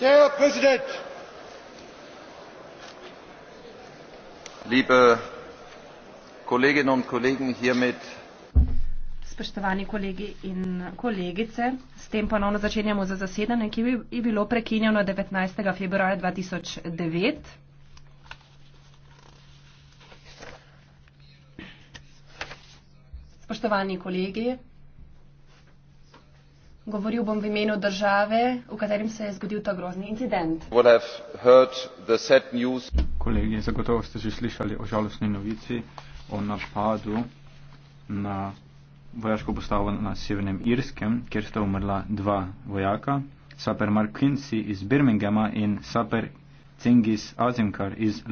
herr präsident liebe kolleginnen und kollegen! hiermit spoštovani kolegi in kolegice s tem ponovno začenjamo z zasedanjem ki je bilo prekinjeno devetnajst februarja dva tisoč devet spoštovani kolegi Govoril bom v imenu države, v katerem se je zgodil ta grozni incident. Kolegi, zagotovo ste že slišali o žalostni novici o napadu na vojaško postavo na Severnem Irskem, kjer sta umrla dva vojaka, Saper Mark Quincy iz Birminghama in Saper Cengiz Azimkar iz